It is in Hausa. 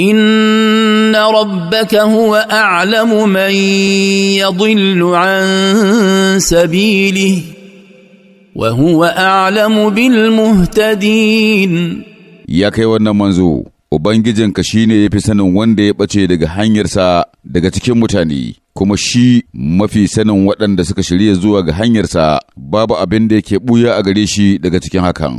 ان ربك هو اعلم من يضل عن سبيله وهو اعلم بالمهتدين Ya kai wannan manzo ubangijinka shine yafi sanin wanda ya ɓace daga hanyarsa daga cikin mutane kuma shi mafi sanin waɗanda suka shirya zuwa ga hanyarsa babu abin da yake ɓuya a gare shi daga cikin hakan